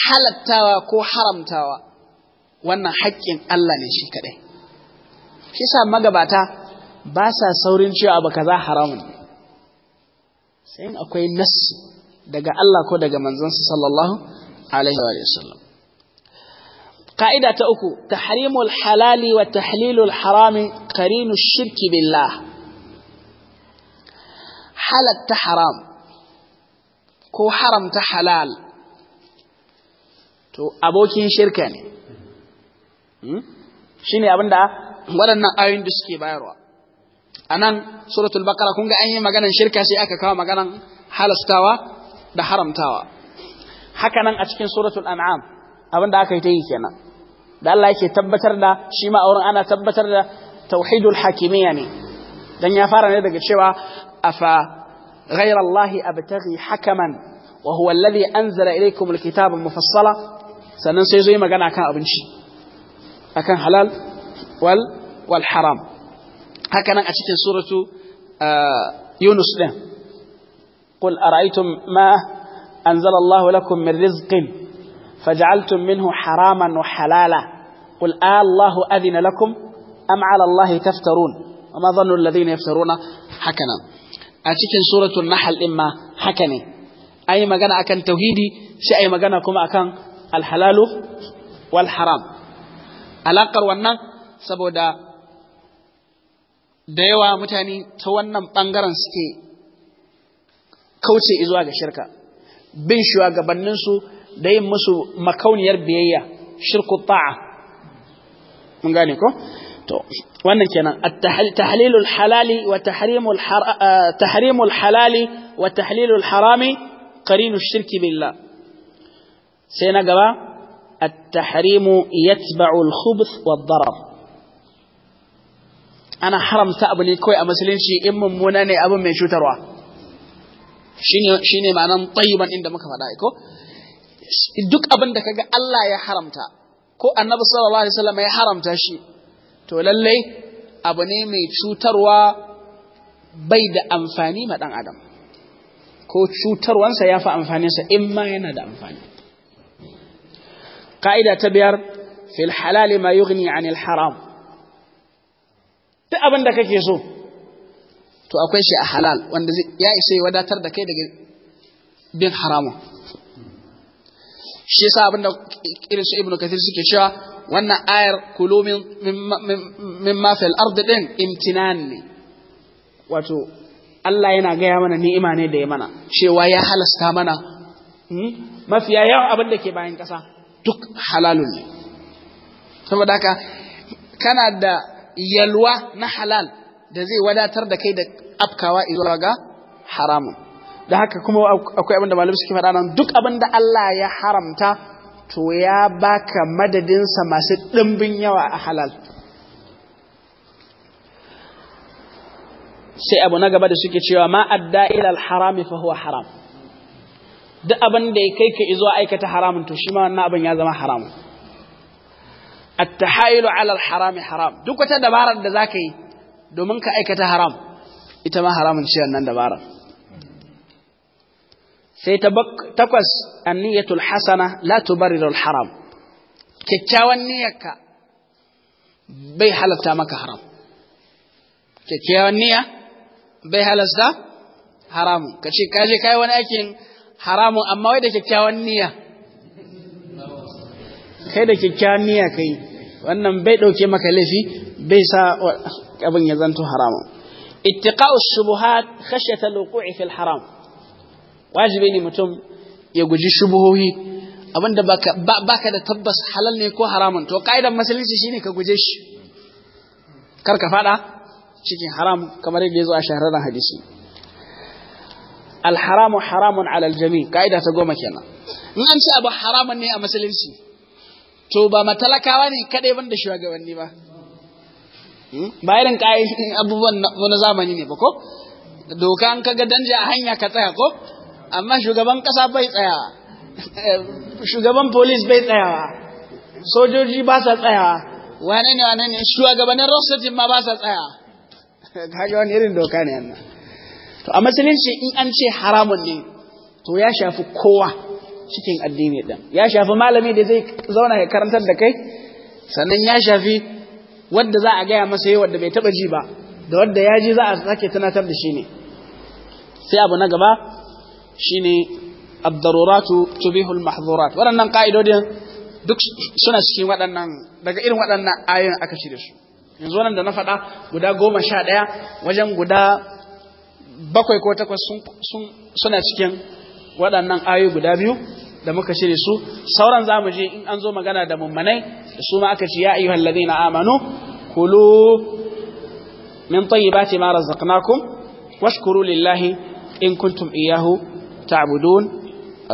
halattawa ko haramtawa wannan haƙƙin Allah ne shi kaɗai shi sa magabata ba sa saurin cewa abu kaza haramun ne sai akwai nassi daga Allah ko daga manzansa sallallahu alaihi wa sallam قاعدة أكو تحريم الحلال وتحليل harami قرين shirki بالله Halatta haram ko haramta halal. to abokin shirka ne hmm? shi ne abinda waɗannan ayoyin da suke bayarwa a nan suratul bakara kun ga an yi maganan shirka sai aka kawo maganan halastawa da haramtawa haka nan a cikin suratul an'am abinda aka yi ta yi kenan da Allah yake tabbatar da shi ma auren ana tabbatar da tauhidul hakimiyya ne dan ya fara ne daga cewa afa غير الله أبتغي حكما وهو الذي أنزل إليكم الكتاب المفصلة sannan sai zo yi magana akan abinci akan halal wal wal haram haka nan a cikin suratu ah, yunus din qul ara'aytum ma anzala Allahu lakum فجعلتم منه حراما وحلالا قل آه الله أذن لكم أم على الله تفترون وما ظن الذين يفترون حكنا أتكن سورة النحل إما حكني أي مغانا أكن توهيدي شيء أي مغانا كما أكن alhalalu wal haram alaƙar wannan saboda da yawa mutane ta wannan ɓangaren suke kauce zuwa ga shirka bin shugabanninsu da yin musu makauniyar biyayya shirku ta'a mun gane ko to wannan kenan tahlilul halali wa tahrimul eh, halali wa harami qarinu shirki billah sai na gaba at-tahrimu yatba'u al-khubuth wad-darar ana haramta abu ne kawai a musulunci in mummuna ne abin mai cutarwa shine ma'anan tayyiban inda muka faɗa ko duk abin da kaga Allah ya haramta ko Annabi sallallahu alaihi wasallam ya haramta shi to lallai abu ne mai cutarwa bai da amfani ma ɗan adam ko cutarwansa ya fi amfaninsa in ma yana da amfani ka'ida ta biyar fil halali ma yughni anil haram duk abin da kake so to akwai shi a halal wanda ya isa ya wadatar da kai daga bin haramun shi yasa abin da irin su ibnu kathir suke cewa wannan ayar kulu min min ma din imtinan ne wato Allah yana gaya mana ni'ima ne da ya mana cewa ya halasta mana mafiya yawan abin da ke bayan ƙasa duk halalun ne saboda haka kana da yalwa na halal da zai wadatar da kai da afkawa zuwa ga haramun da haka kuma akwai abin da malibu suke faɗa nan duk abin da Allah ya haramta to ya baka madadinsa masu ɗimbin yawa a halal sai abu na gaba da suke cewa ma adda harami fa huwa haram duk abin da ya kai ka izo aikata haramun to shi ma wannan abin ya zama haramun at-tahayulu ala al-harami haram duk wata dabarar da zaka yi domin ka aikata haram ita ma haramun ce wannan dabarar sai ta takwas an-niyatul hasana la tubarriru al-haram kyakkyawan niyyarka bai halatta maka haram kyakkyawan niyya bai halasta haramun kace kaje kai wani aikin haramun amma wai da kyakkyawan niyya kai da kyakkyawan niyya kai wannan bai dauke maka laifi bai sa abin ya zanto haramun ittiqa'us shubuhat khashyata al-wuqu'i fil haram wajibi ne mutum ya guji shubuhohi abinda baka baka da tabbas halal ne ko haramun to kaidan musulunci shine ka guje shi kar ka fada cikin haram kamar yadda ya zo a shahararren hadisi alharamu haramun alal jami ka'ida ta goma kenan in an abu haramun ne a musulunci to ba matalakawa ne kadai ban da shugabanni ba hmm? ba irin abubuwan na zamani ne ba ko doka an kaga danja a hanya ka tsaya ko amma shugaban kasa bai tsayawa eh, shugaban polis bai tsayawa sojoji ba sa tsayawa wane ne shugabannin rasatin ma ba sa tsayawa kaga irin doka ne to a musulunci in an ce haramun ne to ya shafi kowa cikin addini din ya shafi malami da zai zauna ya karantar da kai sannan ya shafi wanda za a gaya masa yi wanda bai taba ji ba da wanda ya ji za a sake tunatar da shi ne sai abu na gaba shi ad-daruratu tubihu al waɗannan ka'idodin duk suna cikin waɗannan daga irin waɗannan ayoyin aka ci su yanzu nan da na faɗa guda goma sha ɗaya wajen guda bakwai ko takwas suna cikin waɗannan ayoyi guda biyu da muka shirya su sauran za mu je in an zo magana da mummanai da su ma aka ce ya ayyuhal ladina amanu kulu min tayyibati ma razaqnakum washkuru lillahi in kuntum iyyahu ta'budun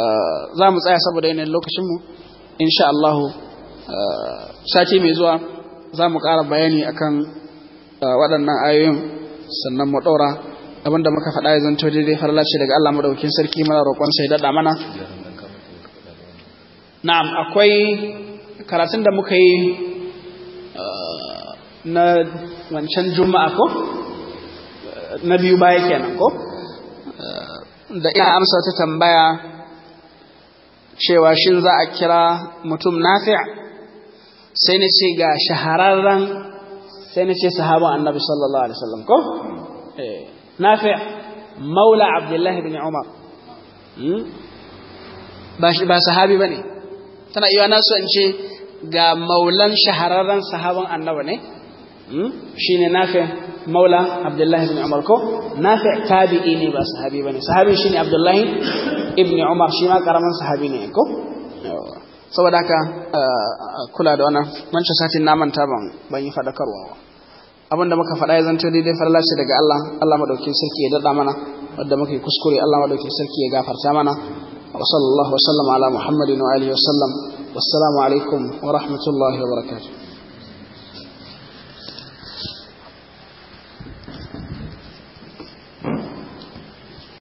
eh, za mu tsaya saboda yanayin lokacin mu insha Allah eh, sati mai zuwa za mu ƙara bayani akan eh, waɗannan ayoyin sannan mu ɗora abinda muka faɗa ya zanto daidai farla daga Allah madaukakin sarki mana roƙon sai daɗa mana na'am akwai karatun da muka yi eh, na wancan juma'a ko eh, na biyu baya kenan ko eh, da ina amsa ta tambaya cewa shin za a kira mutum nafi' sai na ce ga shahararren sai na ce sahaban annabi sallallahu alaihi wasallam ko eh نافع maula abdullahi الله umar ba sahabi bane tana iya na so ga maulan shahararren sahaban annabi shine nafi' maula abdullahi bin umar ko nafi' tabi'i ne ba sahabi bane sahabi shine abdullahi ibn umar shi ma karaman sahabi ne saboda haka kula da wannan wancan satin na manta ban ban yi fadakarwa abin da muka faɗa ya zanto daidai farla ce daga Allah Allah madaukakin sarki ya dada mana wanda muka yi kuskure Allah madaukakin sarki ya gafarta mana wa sallallahu wa sallama ala muhammadin wa alihi wa sallam wassalamu alaikum wa rahmatullahi wa barakatuh